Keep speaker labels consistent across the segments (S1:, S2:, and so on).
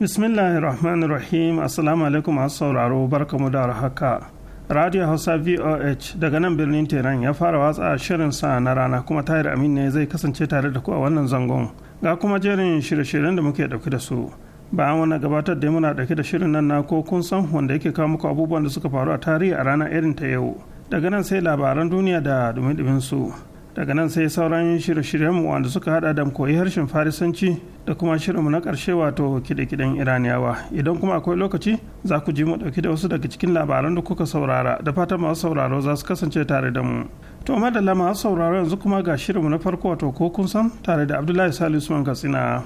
S1: Bismillahirrahmanirrahim Assalamu alaikum masu sauraro barkamu da haka. Radio Hausa VOH daga nan birnin Tehran ya fara watsa shirin sa na rana kuma Tahir Amin ne zai kasance tare da ku a wannan zangon. Ga kuma jerin shirye-shiryen da muke dauke da su. Bayan wani gabatar da muna dauke da shirin nan na ko kun san wanda yake kawo muku abubuwan da suka faru a tarihi a rana irin ta yau. Daga nan sai labaran duniya da dumi-dumin su. daga nan sai sauran shirye-shiryenmu wanda suka hada da koyi harshen farisanci da kuma shirinmu na karshe wato kide-kiden iraniyawa idan kuma akwai lokaci za ku ji mu dauki da wasu daga cikin labaran da kuka saurara da fatan masu sauraro za su kasance tare da mu to madalla masu sauraro yanzu kuma ga shirinmu na farko wato ko kun san tare da abdullahi salisu katsina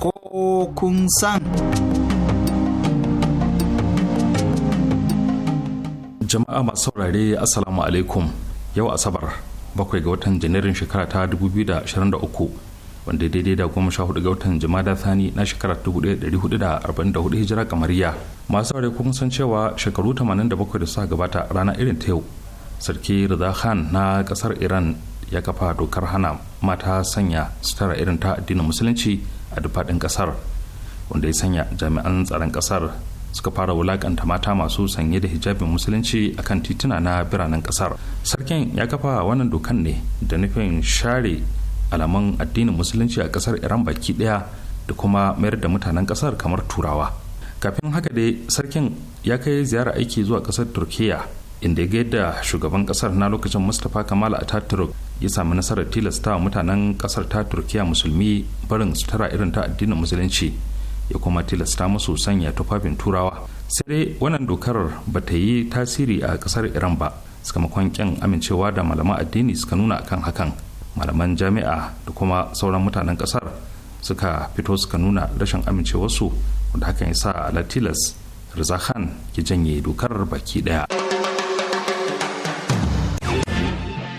S2: ko kun san
S3: jama'a masu saurare assalamu alaikum yau asabar bakwai ga watan janairun shekara ta 2023 wanda daidai da goma sha hudu ga watan jama'a thani na shekara 1444 hijira kamariya masu saurare kuma san cewa shekaru 87 da suka gabata rana irin ta yau sarki Rida Khan na kasar Iran ya kafa dokar hana mata sanya sutara irin ta addinin musulunci a dufaɗin kasar wanda ya sanya jami'an tsaron kasar suka fara wulakanta mata masu sanye da hijabin musulunci a kan tituna na biranen kasar sarkin ya kafa wannan dokan ne da nufin share alaman addinin musulunci a kasar iran baki daya da kuma mayar da mutanen kasar kamar turawa kafin haka dai sarkin ya kai ziyara aiki zuwa kasar turkiya inda ya yadda shugaban kasar na lokacin mustapha kamal ataturk ya sami nasarar tilasta mutanen kasar ta turkiya musulmi barin sutura irin ta addinin musulunci ya kuma tilasta musu sanya tufafin turawa sai dai wannan dokar ba ta yi tasiri a kasar iran ba sakamakon kyan amincewa da malaman addini suka nuna akan hakan malaman jami'a da kuma sauran mutanen kasar suka fito suka nuna rashin amincewarsu wanda hakan ya sa alatilas rizakhan ya janye dokar baki daya.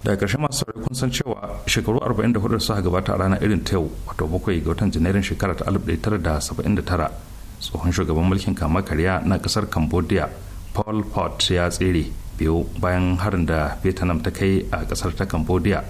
S3: daga ƙarshe masu sauri kun san cewa shekaru 44 da suka gabata a rana irin ta yau wato bakwai ga watan janairun shekara ta 1979 tsohon shugaban mulkin kama karya na kasar cambodia paul pot ya tsere biyu bayan harin da vietnam ta kai a ƙasar ta cambodia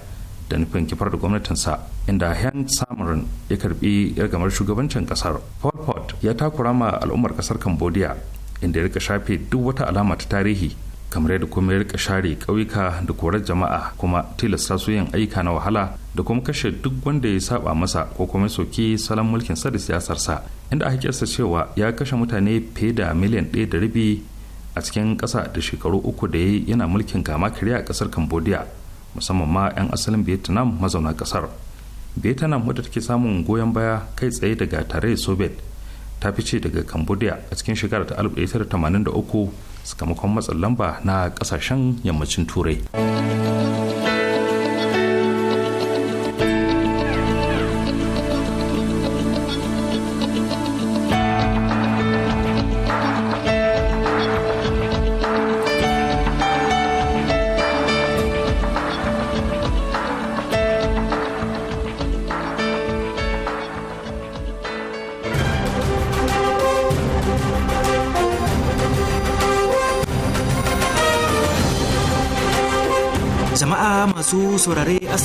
S3: da nufin kifar da gwamnatinsa inda Heng Samarin ya karbi yargamar shugabancin kasar. paul Pot ya takura ma al'ummar kasar Cambodia inda ya rika shafe duk wata alama ta tarihi kamar yadda kuma ya rika share ƙauyuka da korar jama'a kuma tilasta su yin aika na wahala da kuma kashe duk wanda ya saba masa ko kuma ya soki salon mulkin sa da siyasarsa inda aka kiyasta cewa ya kashe mutane fiye da miliyan ɗaya da rabi a cikin ƙasa da shekaru uku da ya yana mulkin kama karya a ƙasar cambodia musamman ma 'yan asalin vietnam mazauna ƙasar vietnam wadda take samun goyon baya kai tsaye daga tarayyar soviet ta fice daga cambodia a cikin shekarar ta 1983 sakamakon matsin lamba na kasashen yammacin turai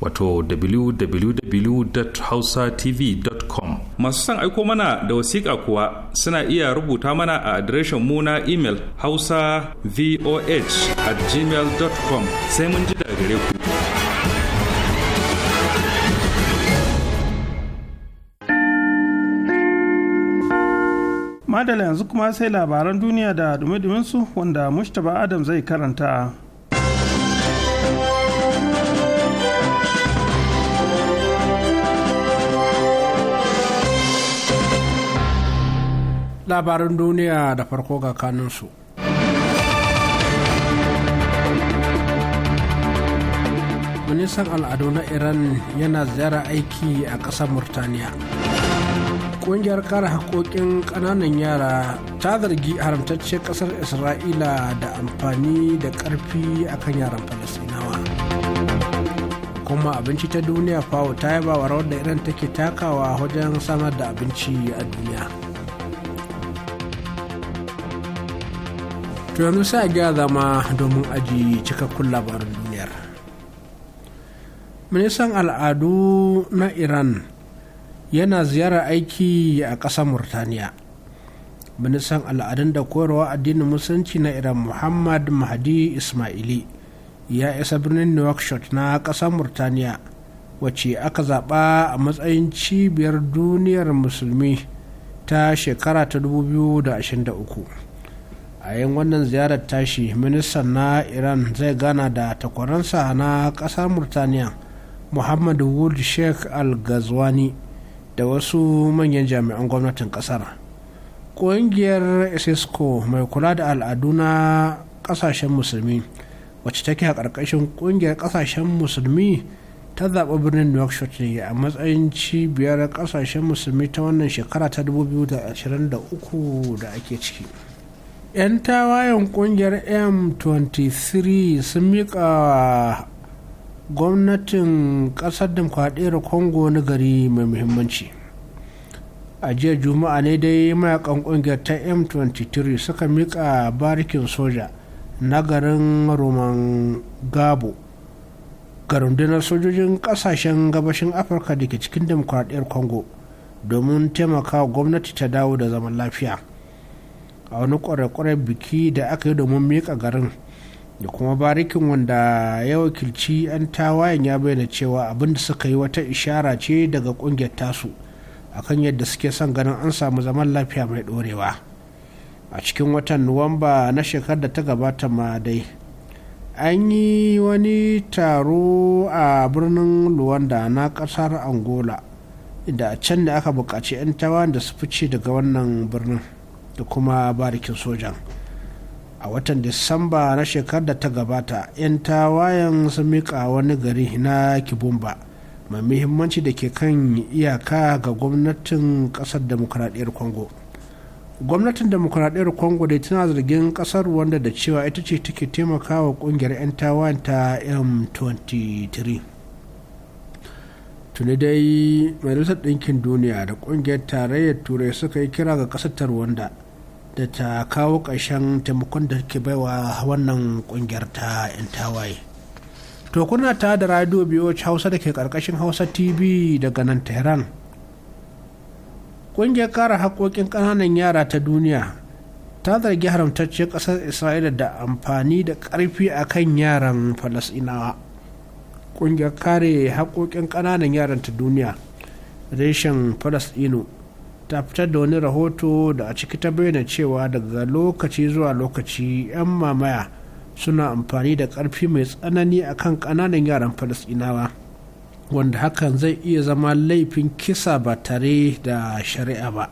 S3: wato www.hausatv.com masu son aiko mana da wasiƙa kuwa suna iya rubuta mana a adireshin mu na imel hausa at sai mun ji daga gare ku
S1: madala yanzu kuma sai labaran duniya da dumi su wanda mustapha adam zai karanta
S4: labaran duniya da farko ga kanunsu. ministan al'adu na iran yana ziyara aiki a ƙasar murtaniya ƙungiyar kare haƙoƙin ƙananan yara ta zargi haramtacce ƙasar isra'ila da amfani da ƙarfi akan yaran falasinawa kuma abinci ta duniya fawo ta yaba wa rawar da iran take takawa wajen samar da abinci a duniya to yanzu sai ga zama domin aji cikakkun labarin duniyar ministan al'adu na iran yana ziyarar aiki a ƙasar murtaniya ministan al'adun da koyarwa addinin musulunci na iran muhammad mahdi ismaili ya isa birnin nouakchott na ƙasar murtaniya wacce aka zaɓa a matsayin cibiyar duniyar musulmi ta shekara ta 2023 a yin wannan ziyarar tashi ministan na iran zai gana da takwaransa na kasar murtaniya muhammad wood sheikh al gazwani da wasu manyan jami'an gwamnatin kasar ƙungiyar isisco mai kula da al'adu na ƙasashen musulmi wacce take a ƙarƙashin ƙungiyar ƙasashen musulmi ta zaɓi birnin new york ne a matsayin cibiyar ƙasashen musulmi ta wannan shekara ta 2023 da ake ciki. 'yan tawayen kungiyar m23 sun mika gwamnatin ƙasar demokradiyyar congo na gari mai muhimmanci a jiya juma'a ne dai mayakan kungiyar ta m23 suka mika barikin soja na garin roman gabo ga sojojin ƙasashen gabashin afirka da ke cikin demokradiyyar congo domin taimaka gwamnati ta dawo da zaman lafiya a wani kwarekwarar biki da aka yi domin miƙa garin da kuma barikin wanda ya wakilci 'yan tawayen ya bayyana cewa abin da suka yi wata ishara ce daga ƙungiyar tasu a kan yadda suke son ganin an samu zaman lafiya mai dorewa a cikin watan nuwamba na shekarar da ta gabata ma dai an yi wani taro a birnin luwanda na kasar angola inda a can da aka buƙaci 'yan tawayen da su fice daga wannan birnin da kuma barikin sojan a watan disamba na shekarar da ta gabata 'yan tawayen sun miƙa wani gari na kibumba mai muhimmanci da ke kan iyaka ga gwamnatin ƙasar demokuraɗiyar congo gwamnatin demokuraɗiyar congo dai tana zargin ƙasar wanda da cewa ita ce take wa ƙungiyar 'yan tawayen ta m23 tuni dai majalisar ɗinkin duniya da ƙungiyar tarayyar turai suka yi kira ga ƙasar ta rwanda da ta kawo ƙarshen taimakon da ke baiwa wannan ƙungiyar ta 'yan tawaye to kuna ta da radio biyu hausa da ke ƙarƙashin hausa tv daga nan tehran ƙungiyar kare haƙoƙin ƙananan yara ta duniya ta zargi haramtacce ƙasar isra'ila da amfani da ƙarfi a kan yaran falasɗinawa ƙungiyar kare haƙoƙin ƙananan yaran ta duniya reshen falasɗinu ta fitar da wani rahoto da a ciki ta bayyana cewa daga lokaci zuwa lokaci 'yan mamaya suna amfani da ƙarfi mai tsanani akan ƙananan yaran falasɗinawa wanda hakan zai iya zama laifin kisa ba tare da shari'a ba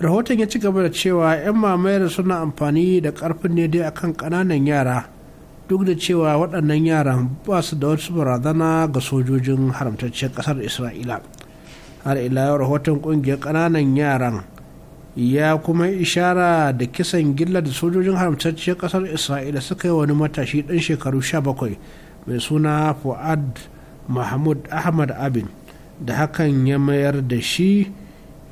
S4: rahoton ya ci gaba da cewa 'yan mamayar suna amfani da ƙarfin ne dai akan ƙananan yara duk da cewa waɗannan yaran ba su da wasu barazana ga sojojin haramtacciyar ƙasar isra'ila har ila rahoton kungiyar kananan yaran ya kuma ishara da kisan gilla da sojojin haramtacciyar kasar isra'ila suka yi wani matashi dan shekaru 17 mai suna fuad mahmud ahmad abin da hakan ya mayar da shi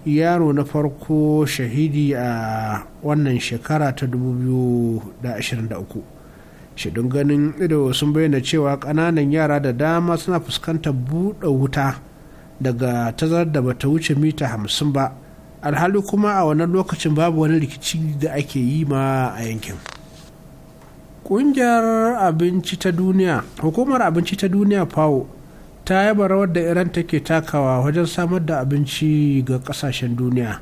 S4: yaro na farko shahidi a wannan shekara ta 2023 shaidun ganin ido sun bayyana cewa kananan yara da dama suna fuskantar buɗe wuta daga tazar da bata wuce mita hamsin ba alhali kuma a wannan lokacin babu wani rikici da ake yi ma a yankin ƙungiyar abinci ta duniya hukumar abinci ta duniya fawo ta yaba rawar da iran take takawa wajen samar da abinci ga ƙasashen duniya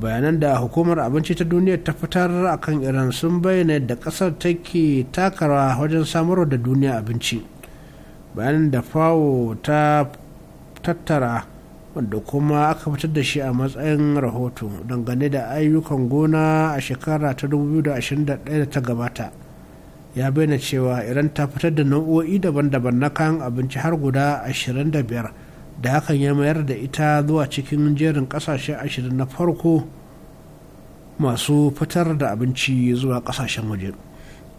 S4: bayanan da hukumar abinci ta duniya ta fitar a kan iran sun bayyana da kasar take takara wajen samarwa da duniya abinci bayanan da fawo ta tattara wanda kuma aka fitar da shi a matsayin rahoto dangane da ayyukan gona a shekara ta 2021 da ta gabata ya bayyana cewa iran ta fitar da nau'o'i daban-daban na kayan abinci har guda 25 da hakan ya mayar da ita zuwa cikin jerin kasashe 20 na farko masu fitar da abinci zuwa kasashen waje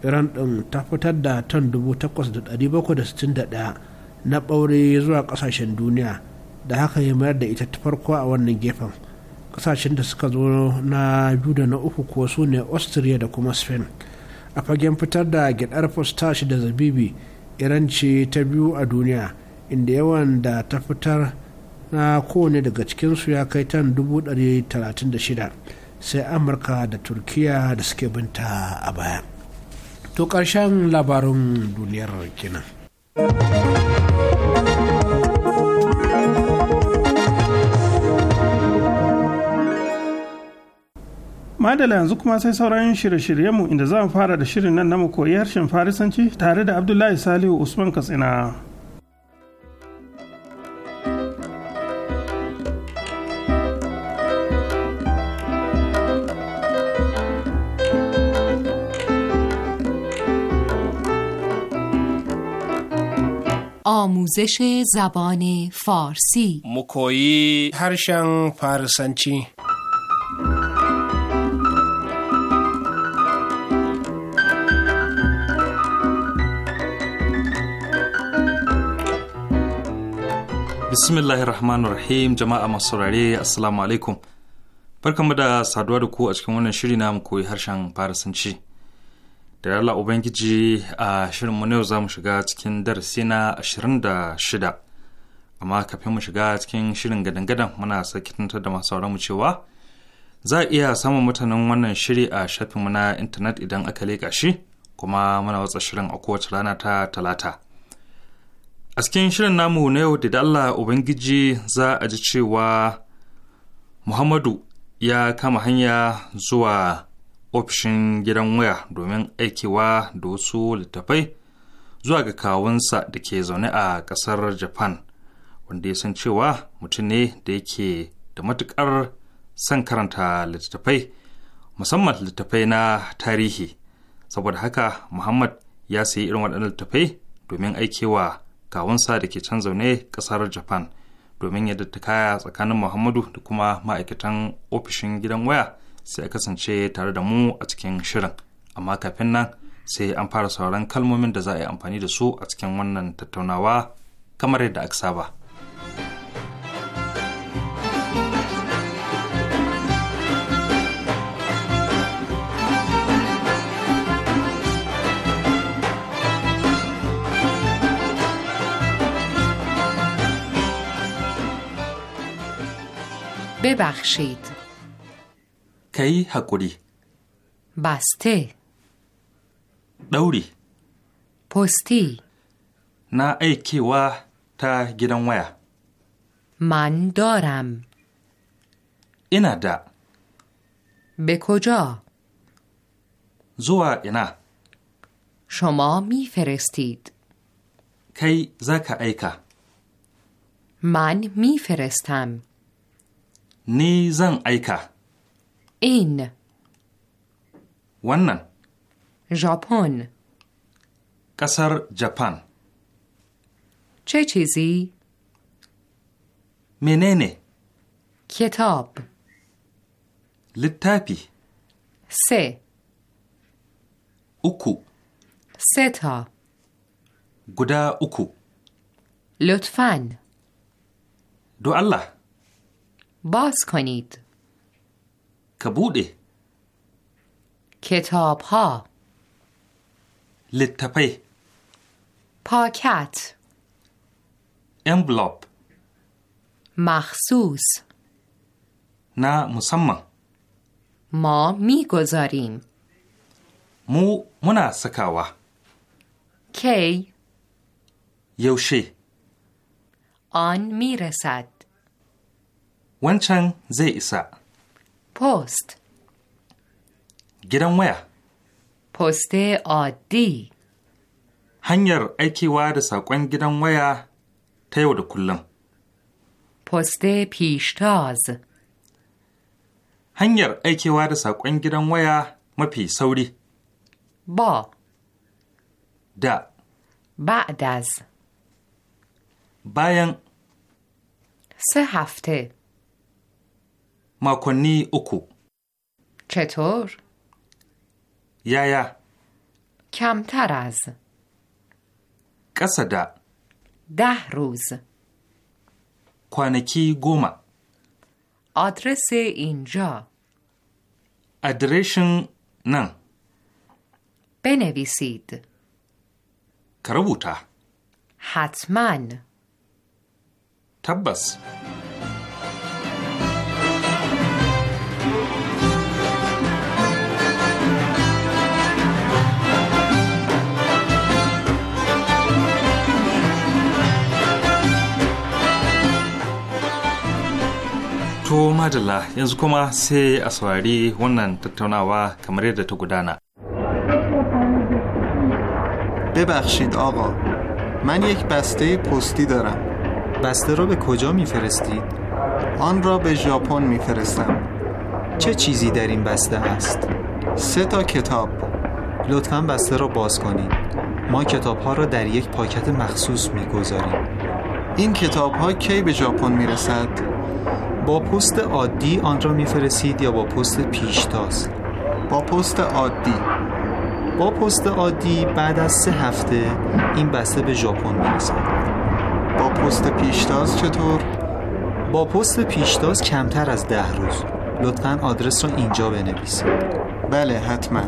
S4: iran din ta fitar da ton 8,761 na ɓaure zuwa ƙasashen duniya da haka ya mayar da ita ta farko a wannan gefen ƙasashen da suka zo na biyu da na uku kuwa su ne austria da kuma spain a fagen fitar da gidar postash da zabibi iran ce ta biyu a duniya inda yawan da ta fitar na kowane daga cikinsu ya kai tan 136 sai amurka da turkiya da suke binta a baya to karshen labarin duniyar kenan.
S1: madala yanzu kuma sai sauran shirye-shiryenmu inda za mu fara da shirin nan na mu koyi harshen farisanci tare da abdullahi salihu usman katsina
S5: آموزش زبان فارسی
S4: مکویی هرشن فارسنچی
S3: bismillahir rahmanir rahim jama'a masu saurare assalamu alaikum barkamu da saduwa da ku a cikin wannan shiri na mu koyi harshen farisanci da Allah ubangiji a shirin mu yau za mu shiga cikin darasi na ashirin da shida amma kafin mu shiga cikin shirin gadan-gadan muna sakitantar da masu mu cewa za a iya samun mutanen wannan shiri a shafinmu na intanet idan aka leƙa shi kuma muna watsa shirin a kowace rana ta talata a cikin shirin namu na yau da Allah Ubangiji za a ji cewa Muhammadu ya kama hanya zuwa ofishin gidan waya domin aikewa da wasu littafai zuwa ga kawunsa da ke zaune a ƙasar Japan wanda ya san cewa mutum ne da yake da matuƙar son karanta littattafai musamman littattafai na tarihi saboda haka Muhammad ya sayi irin waɗannan littattafai domin aikewa kawunsa da ke can zaune kasar japan domin yadda ta kaya tsakanin muhammadu da kuma ma'aikatan ofishin gidan waya sai a kasance tare da mu a cikin shirin amma kafin nan sai an fara sauran kalmomin da za a yi amfani da su a cikin wannan tattaunawa kamar yadda aka saba.
S5: ببخشید
S3: کی حکوری؟
S5: بسته دوری پستی
S3: نه ایکی و تا گیدن
S5: من دارم اینا دا به کجا
S3: زوا اینا
S5: شما فرستید کی زکا ایکا من میفرستم
S3: ni zan aika. In. Wannan.
S5: Japan.
S3: Ƙasar Japan.
S5: Cecizi. Menene. Kitab.
S3: Littafi. Se. Uku.
S5: Seta.
S3: Guda uku.
S5: Lutfan. Do Allah. باز کنید کبوده کتاب ها لطپه پاکت امبلاب مخصوص نه مسمم ما میگذاریم مو منا سکاوا کی یوشی آن میرسد
S3: wancan zai isa post gidan waya
S5: poste odi.
S3: hanyar aikewa da saƙon gidan waya ta yau da kullum
S5: Poste پیشتاز
S3: hanyar aikewa da saƙon gidan waya mafi sauri Ba.
S5: da Ba bayan سه hafte.
S3: makonni uku.
S5: Chetor? Yaya? Kyamtaraz. Ƙasa da? Dahruz.
S3: Kwanaki goma.
S5: Adrese inja.
S3: Adireshin nan.
S5: Benevisid. Ka rubuta. Hatman. Tabbas.
S3: To madalla yanzu kuma sai a wannan tattaunawa kamar yadda ta gudana.
S2: ببخشید آقا من یک بسته پستی دارم بسته را به کجا میفرستید؟ آن را به ژاپن میفرستم چه چیزی در این بسته است؟ سه تا کتاب لطفا بسته را باز کنید ما کتاب ها را در یک پاکت مخصوص میگذاریم این کتاب ها کی به ژاپن میرسد؟ با پست عادی آن را میفرستید یا با پست پیشتاز با پست عادی با پست عادی بعد از سه هفته این بسته به ژاپن میرسد با پست پیشتاز چطور با پست پیشتاز کمتر از ده روز لطفا آدرس را اینجا بنویسید بله حتما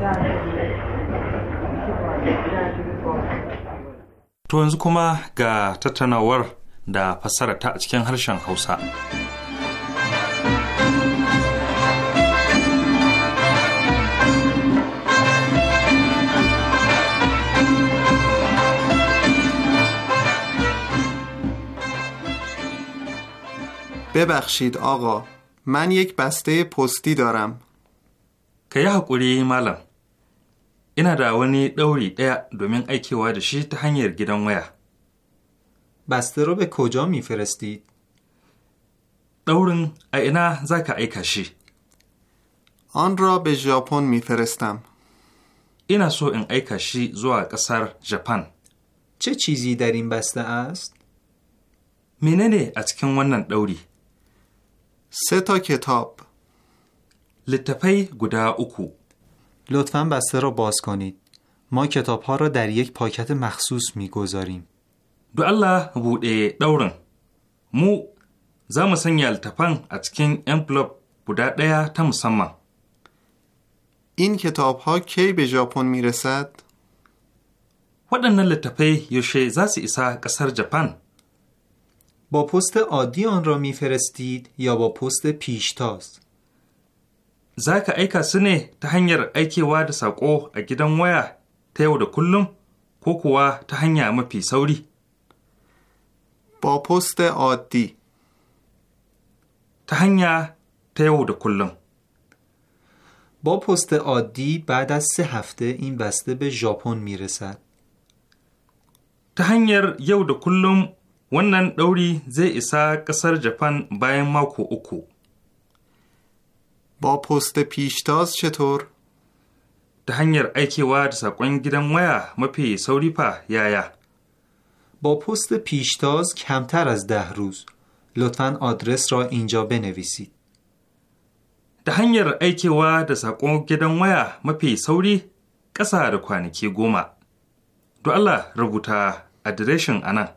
S3: تو yanzu kuma ga tattaunawar da fassara ta
S2: ببخشید آقا من یک بسته
S3: پستی دارم که یه حقوری مالم اینا دا ونی دوری دیا دومین ایکی وادشی تا گیدن ویا بسته رو به کجا میفرستید؟ دورن اینا زکا ایکشی آن را به ژاپن میفرستم اینا سو این ایکشی زوا قصر ژاپن چه چیزی در این بسته است؟ نه از کن ونن دوری؟ سه تا کتاب لطفه گدا اوکو لطفا بسته را باز کنید ما کتاب ها را در یک پاکت مخصوص می گذاریم دو الله بوده دورن مو زم سنگ التفن از کن امپلوب بوده دیا تم این کتاب ها کی به ژاپن می رسد؟ ودن littattafai یوشه زاسی ایسا کسر ƙasar با پست عادی آن را میفرستید یا با پست پیشتاز زاک ایکا سنه تا هنگر ایکی واد ساکو اگیدم ویا تیو دا کلوم کوکوا تا اما پی سوری با
S2: پست عادی تا هنگی تیو دا کلوم با پست عادی بعد از سه هفته این بسته به
S3: ژاپن میرسد تا هنگر یو دا Wannan ɗauri zai isa ƙasar Japan bayan mako uku. Ba پست پیشتاز ta hanyar aikewa da saƙon gidan waya mafi sauri fa yaya. با da پیشتاز کمتر az ده روز. لطفا adres ra inja بنویسید. ta hanyar aikewa da saƙon gidan waya mafi sauri ƙasa da kwanaki goma. Do Allah rubuta adireshin anan.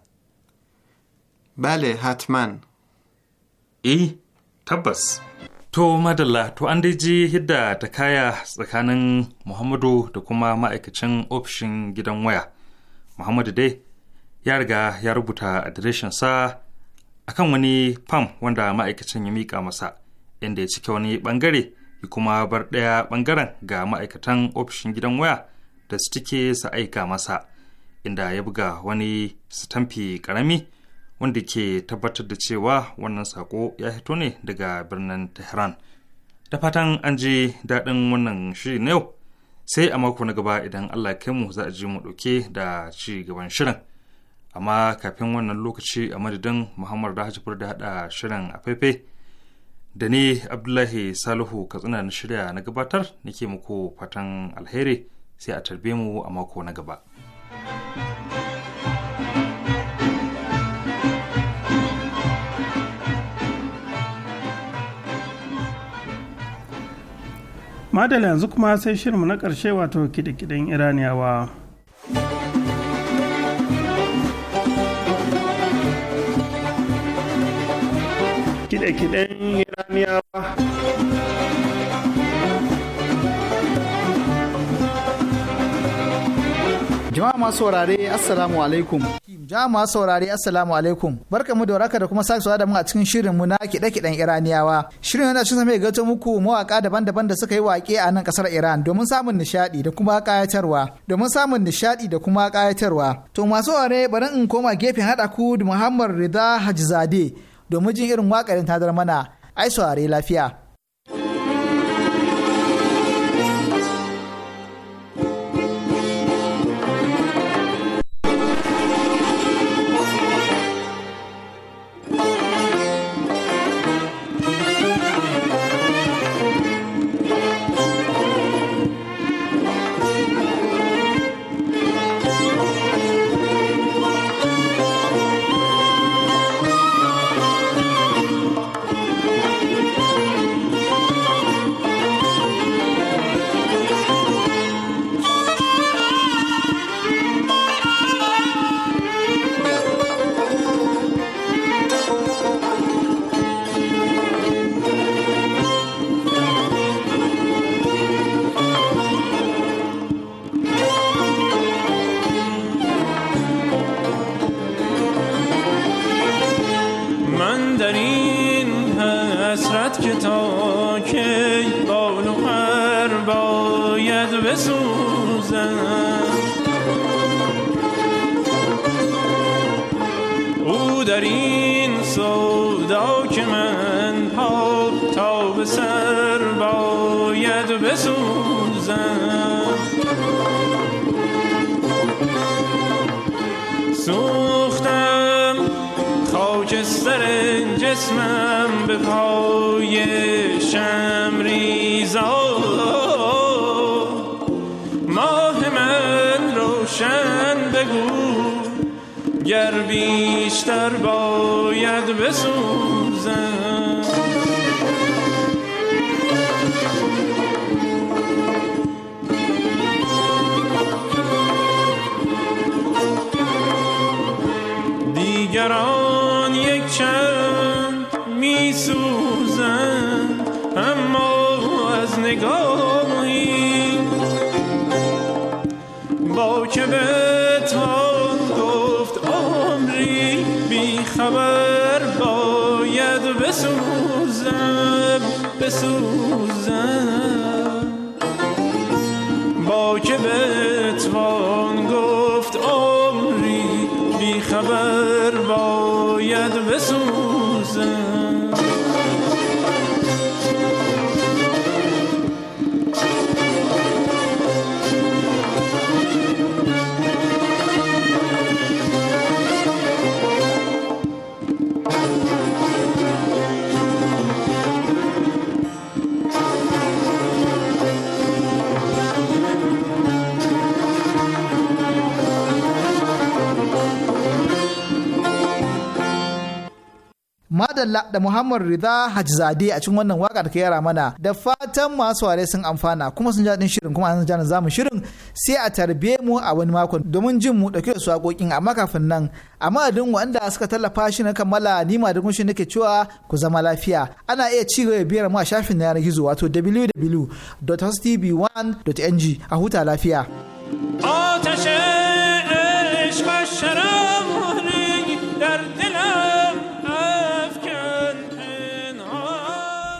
S3: بله حتما ای tabbas. To madalla to an dai ji yadda ta kaya tsakanin Muhammadu da kuma ma'aikacin ofishin gidan waya. Muhammadu dai ya riga ya rubuta adireshinsa a kan wani fam wanda ma'aikacin ya miƙa masa inda ya cike wani ɓangare ya kuma bar ɗaya ɓangaren ga ma'aikatan ofishin gidan waya da su cike su aika masa inda ya buga wani sitamfi ƙarami wanda ke tabbatar da cewa wannan sako ya fito ne daga birnin tehran da fatan an ji daɗin wannan shiri na yau sai a mako na gaba idan allah kai mu za a ji mu ɗauke da ci gaban shirin amma kafin wannan lokaci a madadin muhammad da hajjifar da haɗa shirin a faifai da ni abdullahi salihu katsina na shirya na gabatar nake muku fatan alheri sai a tarbe mu a mako na gaba.
S1: madala yanzu kuma sai shirinmu na ƙarshe wato kiɗe-kiɗen iraniyawa kiɗe-kiɗen iraniyawa
S2: Jama'a masu wurare Assalamu alaikum. Jama'a saurari Assalamu alaikum. Barka mu da waraka da kuma sake da mu a cikin shirin mu na kiɗe-kiɗen Iraniyawa. Shirin yana cikin mai gato muku mawaka daban-daban da suka yi wake a nan ƙasar Iran domin samun nishaɗi da kuma ƙayatarwa. Domin samun nishaɗi da kuma kayatarwa. To masu ware bari in koma gefen haɗa ku da Muhammad Rida Hajizade domin jin irin waƙarin tadar mana. Ai saurari lafiya.
S6: باید بسوزم او در این سودا که من پا تا به سر باید بسوزم سوختم خاکستر جسمم به پای شمریزان روشن بگو گر بیشتر باید بسوزم دیگران یک چند میسوزن اما از نگاه با که بتوان گفت عمری بی خبر باید بسوزم بسوزم با که
S2: madalla da muhammad rida hajzade a cikin wannan waka da ka yara mana da fatan masu ware sun amfana kuma sun jaɗin shirin kuma an jana zamu shirin sai a tarbe mu a wani makon domin jin mu dauke da su amma kafin nan a madadin wanda suka tallafa shi na kammala ni ma da kunshi nake cewa ku zama lafiya ana iya ci gaba biyar mu a shafin yanar gizo wato www.hostv1.ng a huta lafiya.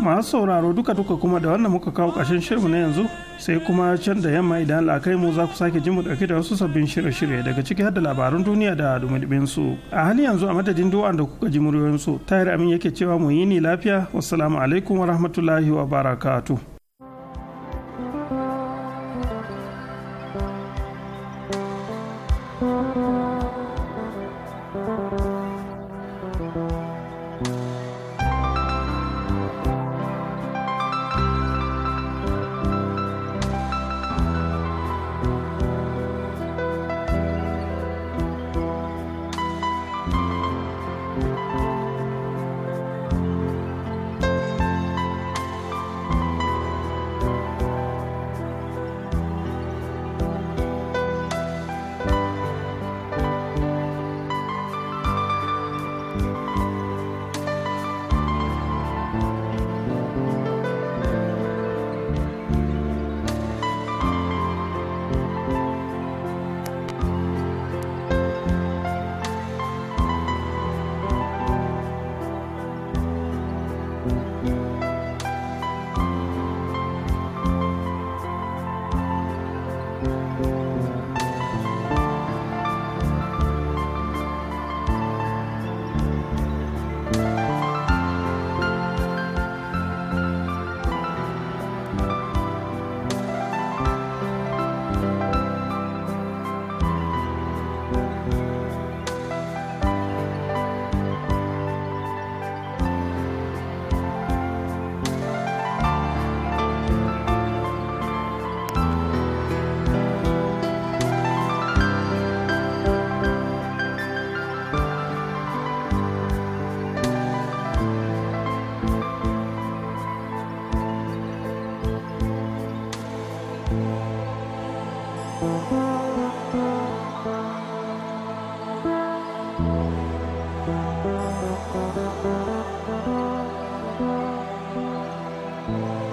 S1: masu sauraro duka duka kuma da wannan muka kawo ƙarshen shirmu na yanzu sai kuma can da yamma idan al'akai mu za ku sake ji mu ɗauki da wasu sabbin shirye-shirye daga ciki har da labarun duniya da dumi su a hali yanzu a madadin du'an da kuka ji muryoyin su tahir amin yake cewa mu yi ni lafiya wassalamu alaikum wa rahmatullahi wa barakatu.
S7: Thank you.